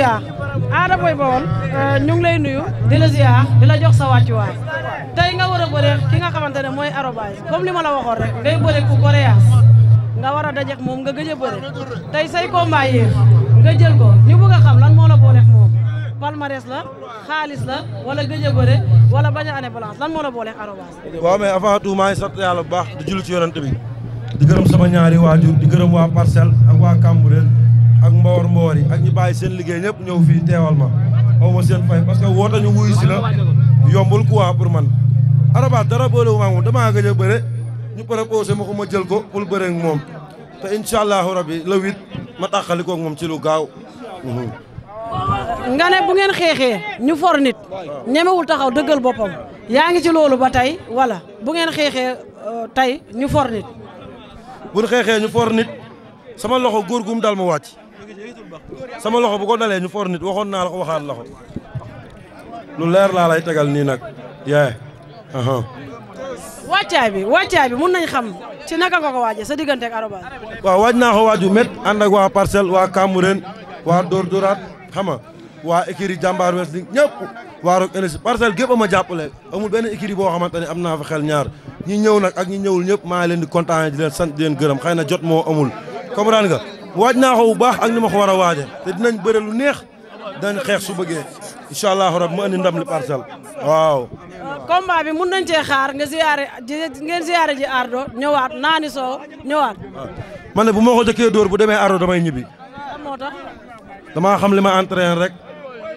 ziar Ada Boy Baol euh, ñu ngi lay nuyu di la ziar di la jox sa wàccuwaay tey nga war a bëre nga xamante ne mooy Arobase comme li ma la waxoon rek ngay bëre ku Koreas nga war a dajeek moom nga gëj a bëre tey say combat yi nga jël ko ñu bëgg a xam lan moo la booleek moom palmarès la xaalis la wala gëj a bëre wala bañ a lan moo la booleek Arobase. waaw mais avant tout maa ngi bu baax di julli ci yonent bi di gërëm sama ñaari di gërëm waa Parcelles ak ak mboor mboor yi ak ñu bàyyi seen liggéey ñëpp ñëw fii teewal ma xaw ma seen fay parce que woote ñu wuyu si la yombul quoi pour man. Arafat dara boole wu ma moom damaa gëj bëre ñu proposé ma ko ma jël ko pour bëre moom te incha allahu rabi le huit ma tàqali ko moom ci lu gaaw. nga bu ngeen xeexee ñu for nit ñemewul taxaw dëggal boppam yaa ngi ci loolu ba tey wala bu ngeen xeexee euh, tey ñu for nit. xeexee ñu for nit sama loxo góor gum daal ma wàcc. sama loxo bu ko dalee ñu for nit waxoon naa la ko waxaat la ko lu leer laa lay tegal nii nag yee wàccaay bi wàccaay bi mun nañ xam ci naka nga ko waajee sa diggante ak Arobase waaw waaj naa ko waaju met ànd ak waa parcelle waa Cambérène waa Dóor Dóoraat xam nga waa écurie jàmbaar wrestling ñëpp waa Rock Énergie parcelle gépp ama jàppale amul benn écurie boo xamante ne am naa fa xel ñaar ñi ñëw nag ak ñi ñëwul ñëpp maa leen di kontaan di leen sant di gërëm xëy na jot moo amul comprendre waaj naa ko bu baax ak ni ma ko war a waaje te dinañ bëre lu neex dañ xeex su bëggee incha allahu rabi mu andi ndam li parcelle waaw. combat bi mun nañ cee xaar nga ziare ngeen ziare ji Ardo ñëwaat naani soo ñëwaat. Ah. man ne bu ma ko jëkkee dóor bu demee Ardo damay ñibbi. Ah, moo tax. damaa xam li ma entraîné rek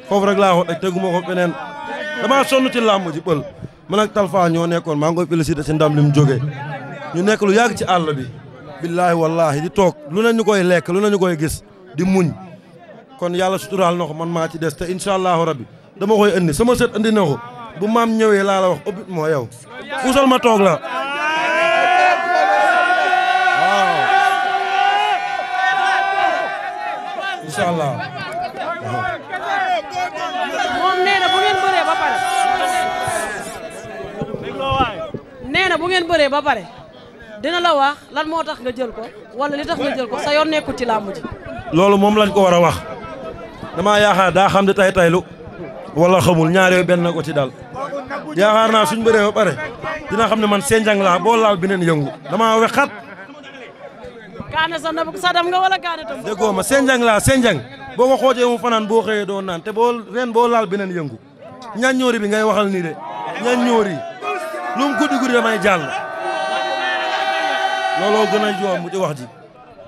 foofu rek laa ko teg tegu ma ko feneen damaa sonn ci làmb ji bël man ak Talfa ñoo nekkoon maa ngi koy félicité si ndam li mu jóge ñu nekk lu yàgg ci àll bi. billaahi wallaahi di toog lu ne ñu koy lekk lu ne ñu koy gis di muñ kon yàlla suturaal na ko man maa ci des te incha allahu rabbi dama koy indi sama sët indi na ko bu maam ñëwee laa la wax ëpp moo yow usal ma toog la moom nee bu ngeen bëree ba pare dina la wax lan moo tax nga jël ko wala li tax nga jël ko sa yoon nekkul ci làmb ji. loolu moom lañ ko war a wax damaa yaakaar daa xam di tay taylu wala xamul ñaareel benn ko ci dal yaakaar naa suñ bëree ba pare dina xam ne man seen laa boo laal beneen yëngu damaa wexat. kaane sa na nga wala kaane tam. déggoo ma seen njàng laa seen boo ko xoojee mu fanaan boo xëyee doo naan te boo ren boo laal beneen yëngu ñañ ñoori bi ngay waxal nii de looloo gën a mu di wax ji.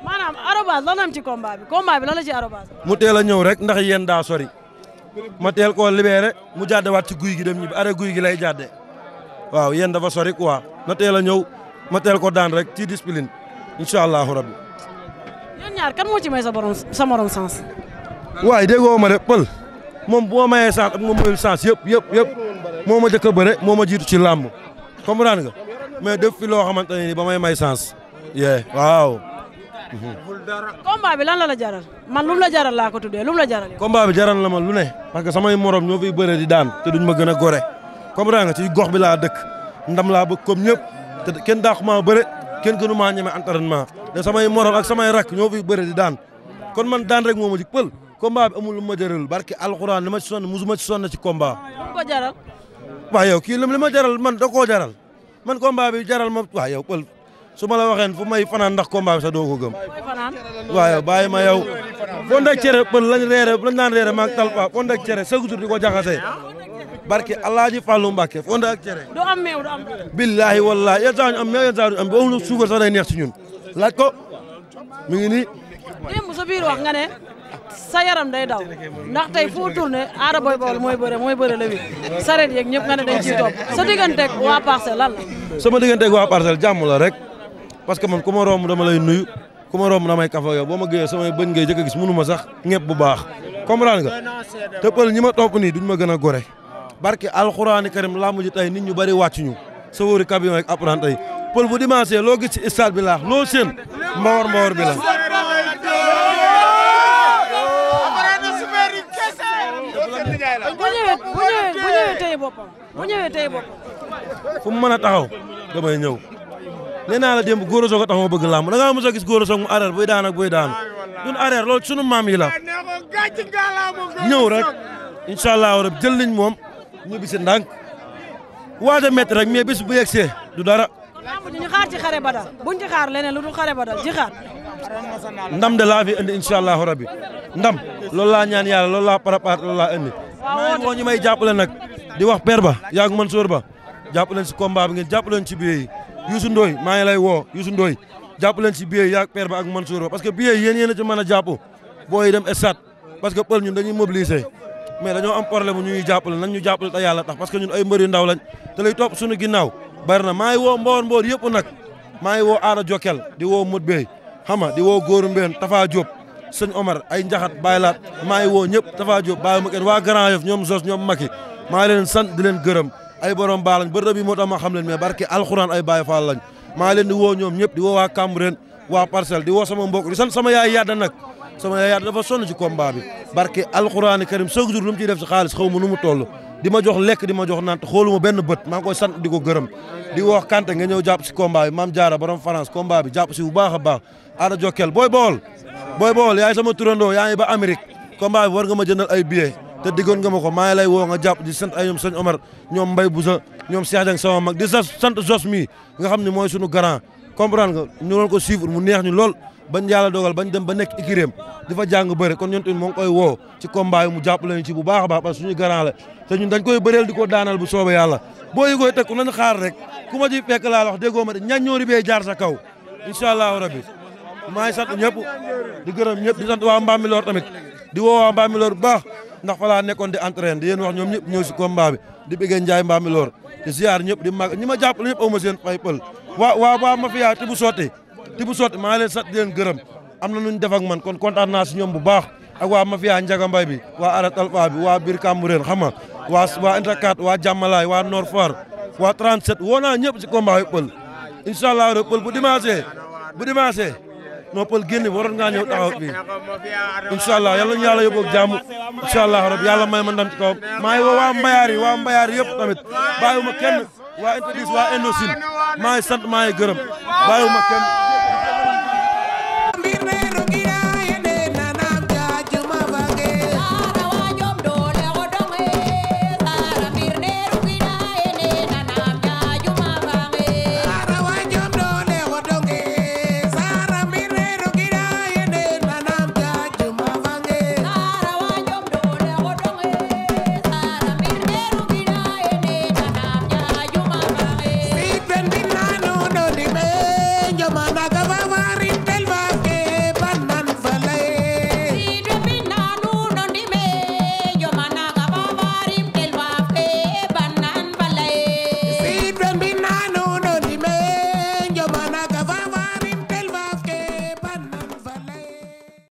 maanaam arobase lan am ci combat bi combat bi lan ci arobase. mu teel a ñëw rek ndax yéen daa sori ma teel koo libéré mu jàddewaat ci guy gi dem ñibbi are guy gi lay jàdde waaw yéen dafa sori quoi na teel a ñëw ma teel ko daan rek ci discipline incha allahu rabbi. yéen ñaar kan moo ci ma sa borom sa morom sens. waaye déggoo ma de pël moom bu ma mayee sens ak moom mayul sens yëpp yëpp yëpp moo ma jëkk a bëre moo ma jiitu ci làmb mais def fi loo xamante ne nii ba may may sens. yee waaw. combat bi lan la la jaral man lum la jaral laa ko tuddee lum la jaral. combat bi jaral la ma lu ne parce que samay morom ñoo fiy bëre di daan te duñ ma gën a gore comprendre nga ci gox bi laa dëkk ndam laa bëg comme ñëpp te kenn daaxu maa bëre kenn gënu maa ñeme entraînement te samay morom ak samay rakk ñoo fiy bëre di daan kon man daan rek moo ma ji pël combat bi amul lu ma jaral barke alxuraan li ma ci sonn musuma ci sonn ci combat. ko kii li ma jaral man da koo jaral. man combat bi jaral ma waaw yow pël su ma la waxeen fu may fanaan ndax combat bi sax doo ko gëm waaw yow bàyyi ma yow fond ak cere pël lañ reere lañ naan reere maag talpa fond ak cere chaque jour di ko jaxase barke alaaji Fallou Mbacke fond ak cere du am meew du am billaahi wallaahi yéen saa ñu am meew yéen saa ñu am boobu suukar sax day neex ci ñun laaj ko mi ngi nii démb sa biir wax nga ne sa yaram day daw ndax tey foo tourné aada booy mooy bëre mooy bëre la wi sareet yeeg ñëpp nga ne dañ ciy topp sa digganteeg waa parcelle lan la. sama digganteeg waa parcelle jàmm la rek parce que man ku ma dama lay nuyu ku ma romb damay kafa yow boo ma géyee samay bëñ ngay jëkk a gis mënu sax ñepp bu baax comprendre nga te pël ñi ma topp nii duñ ma gën a gore barke alxuraani karim làmb ji tey nit ñu bari wàccuñu sawóori camion ak apprenti yi pël bu loo gis ci stade bi laax loo boppam bu ñëwee tey boppam. fu mu mën a taxaw damay ñëw nee naa la démb góor a soog a tax ma bëgg làmb da ngaa a gis góor a soog mu arrière buy daan buy daan ñun arrière loolu sunu maam yi la ñëw rek incha allah rek jël nañ moom ñu bisi ndànk waaj a rek mais bis bu yegsee du dara. làmb ji ñu xaar ci xare ba dal lu dul xare ba ndam de laa fi indi rabbi ndam loolu laa ñaan yàlla loolu laa préparé loolu laa indi. waaw woo di wax père ba man Mansour ba jàpp leen si combat bi ngeen jàpp leen si billet yi Youssou Ndoye maa lay woo Youssou Ndoye jàpp leen si billet yi yaag a ba ak Mansour ba parce que billet yi yéen yéen a ci mën a jàpp booy dem stade parce que pël ñun dañuy mobiliser mais dañoo am problème ñu ñuy jàppale nañ ñu jàppale te yàlla tax parce que ñun ay mbër yu ndaw lañ te topp suñu ginnaaw bari na maa ngi woo mboor mboor yëpp nag maa ngi woo aada Jokal di woo Modou Bey xam nga di woo Góoru Mbeen Tafa Diop sëñ Omar ay njaxat bàyyi laat maa ngi woo ñëpp Tafa Diop bàyyi ma waa Grand ñoom Zos ñoom Maki maa leen sant di leen gërëm ay borom baax lañ bërëb yi moo tax ma xam leen mais barke alxuraan ay Baay Faal maa leen di woo ñoom ñëpp di woo waa Cambérène waa Parcelles di woo sama mbokk di sant sama yaay yadda nag sama yaay yadda dafa sonn ci combat bi barke alxuraan karim chaque jour lu mu ciy def si xaalis xaw ma nu mu toll di ma jox lekk di ma jox naan xooluma benn bët maa ngi koy sant di ko gërëm di wax kante nga ñëw jàpp si combat bi maam jaara borom France combat bi jàpp si bu baax a baax aada jokkel booy bool booy bool yaay sama turandoo yaa ba Amérique combat bi war nga ma jëndal ay billet te diggoon nga ma ko maa ngi lay woo nga jàpp di sant ay ñoom sëñ Omar ñoom Mbaye Boussa ñoom Cheikh sama mag di sant Jos mi nga xam ne mooy sunu garant comprendre nga ñu ko suivre mu neex ñu lool bañ yàlla dogal bañ dem ba nekk ikiréem di fa jàng bëri kon ñun tamit moo koy woo ci combat mu jàpp lañu ci bu baax a baax parce suñu garant la te dañ koy bëreel di ko daanal bu soobee yàlla boo yi koy teg xaar rek ku ma fekk laa wax déggoo ma de ñañ di ndax fa nekkoon di entren di yéen wax ñoom ñëpp ñëw si combat bi di bëggee Njaay mbaami loor di ziar ñëpp di mag ñi ma jàppale ñëpp aw ma seen fay pël waa waa ma fiyaa ti bu sotti ti bu sotti maa leen sat di gërëm am na nuñ def ak man kon kontaan naa ñoom bu baax ak waa ma fiyaa Njaga Mbay bi waa Arat Alpha waa biir Cambérène xam nga waa waa Intakat waa Jàmmalaay waa Nord Foire waa 37 woo naa ñëpp si combat bi pël incha allah pël bu dimanche bu noppal génn waroon ngaa ñëw taxaw bi incha allah yal nañu yàlla yóbbu ak jàmm incha may ma ndam ci kawam maa ngi woo waa Mbayaar yi waa Mbayaar yëpp tamit bàyyiwuma kenn waa Interdis waa Indochine maa sant maa ngi gërëm bàyyiwuma kenn